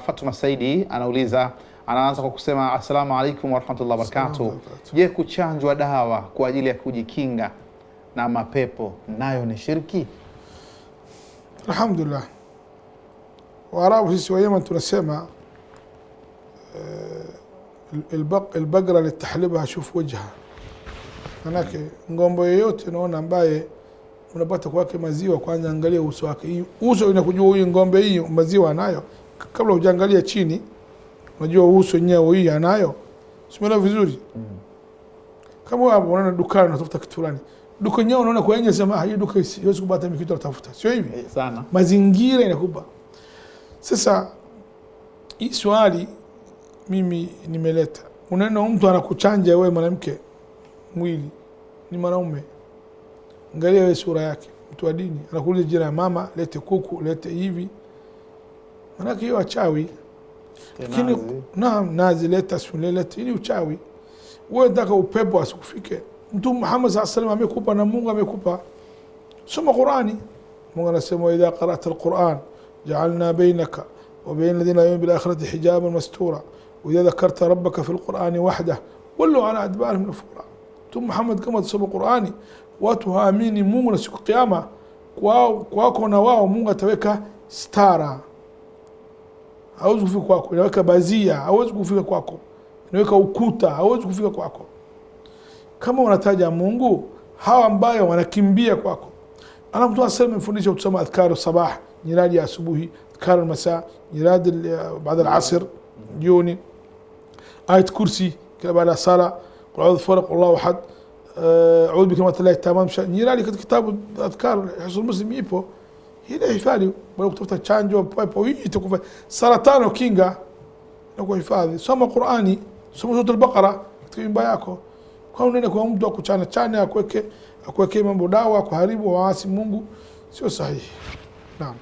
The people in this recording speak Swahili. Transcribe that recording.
Fatuma Saidi anauliza, anaanza kwa kusema assalamu alaikum warahmatullahi wabarakatuh. Je, kuchanjwa dawa kwa ajili ya kujikinga na mapepo nayo ni shirki? Alhamdulillah, Waarabu sisi wa Yemen tunasema eh, lbagra litahlibaha shuf wajha, manake ngombe yoyote unaona ambaye unapata kwake maziwa, kwanza angalia uso wake. Uso inakujua huyu ngombe hii maziwa anayo kabla hujaangalia chini, unajua uso wenyewe hii anayo, simuona vizuri mm. Kama hapo unaona dukani unatafuta kitu fulani, duka yenyewe unaona kwa nje, sema ah, hii duka siwezi kupata mimi kitu natafuta, sio hivi eh, sana mazingira inakupa. Sasa hii swali mimi nimeleta, unaona mtu anakuchanja wewe mwanamke mwili, ni mwanaume, angalia wewe sura yake, mtu wa dini anakuuliza jina ya mama, lete kuku, lete hivi هناك يو تشاوي كيني نعم نازل تسفلة تيني وتشاوي وين داك وبيبو أسوفيك أنتم محمد صلى الله عليه وسلم أمي كوبا نمونا أمي كوبا قراني مونا سمو إذا قرأت القرآن جعلنا بينك وبين الذين يؤمنون بالآخرة حجابا مستورا وإذا ذكرت ربك في القرآن وحده ولوا على أدبارهم نفورا ثم محمد كما تصب قرآني وتهاميني مونا سوق قيامة كواكونا نواو مونا تويكا ستارا hawezi kufika kwako, inaweka bazia, hawezi kufika kwako, inaweka ukuta, hawezi kufika kwako. Kama unataja Mungu, hawa ambayo wanakimbia kwako. Ana Mtume SAW amefundisha kusoma adhkaru sabah, nyiradi ya asubuhi, adhkaru masaa, nyiradi baada ya asr, jioni, ayat kursi kila baada ya sala, qul a'udhu falaq, qul Allahu ahad, a'udhu bikalimati llahi tamam. Nyiradi katika kitabu adhkar hasul Muslim ipo. ile hifadhi bora kutafuta chanjo pepo hii itakufa saratano kinga na hifadhi soma Qur'ani soma sura al-Baqara katika nyumba yako kwa unene kwa mtu akuchana chana akuweke akuweke mambo dawa kuharibu waasi Mungu sio sahihi naam